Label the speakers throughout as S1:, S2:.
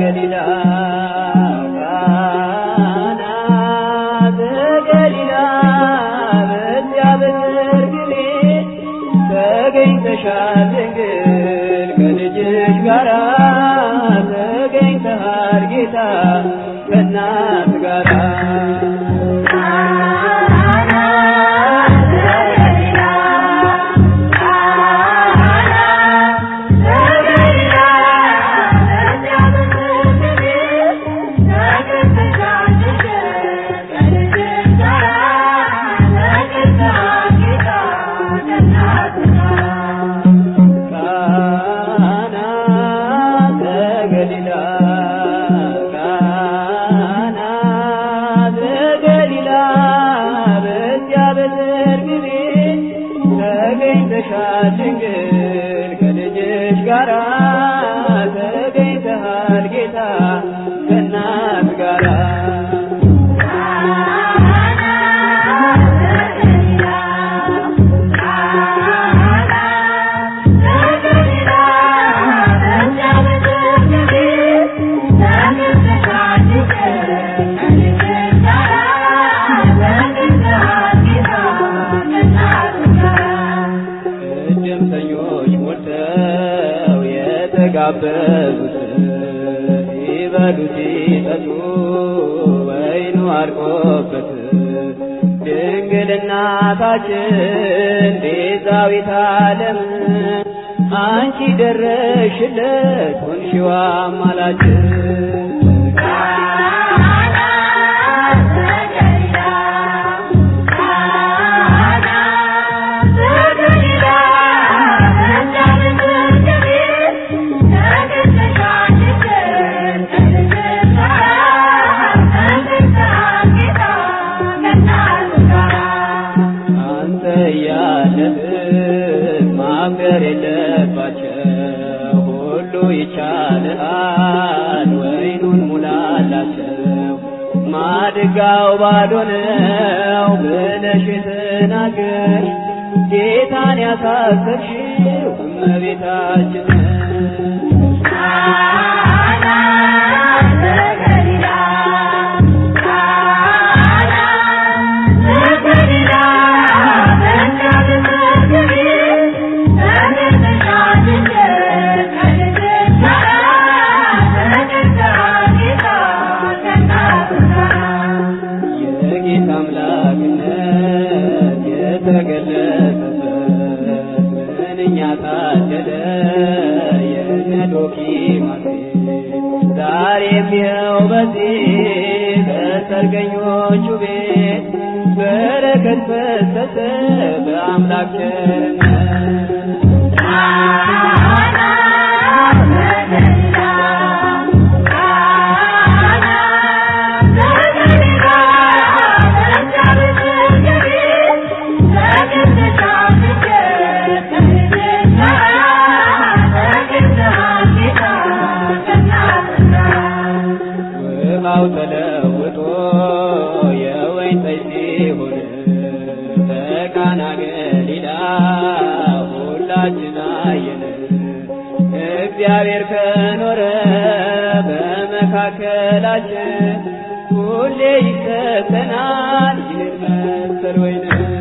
S1: ገሊላ ድንግል ከልጅሽ ጋራ ተገኝተሃል ጌታ ከእናት ጋራ ድንግል ከልጅሽ ጋራ የተጋበዙት ይበሉት ይጠጡ ወይኑ አድቆበት ድንግልናታችን ቤዛዊት ዓለም አንቺ ደረሽለት ሁንሽዋ አማላጅ ለሌለባቸው ሁሉ ይቻላል፣ ወይኑን ሙላላቸው። ማድጋው ባዶ ነው ብለሽ ተናገር፣ ጌታን ያሳሰብሽው እመቤታችን ያታደለ የዶኪማቴ ዛሬም ይኸው በዚህ በሰርገኞቹ ቤት በረከት ፈሰሰ በአምላክ ቸርነት ቃና ገሊላ ሁላችን አየን። እግዚአብሔር ከኖረ በመካከላችን ሁሌ ይሰጠናል። ይህን መሰል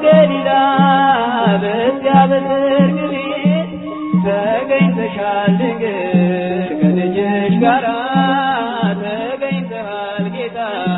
S1: በገሊላ በዚያ በሰርግ ቤት ተገኝተሻል ድንግል ከልጅሽ ጋራ ተገኝተሃል ጌታ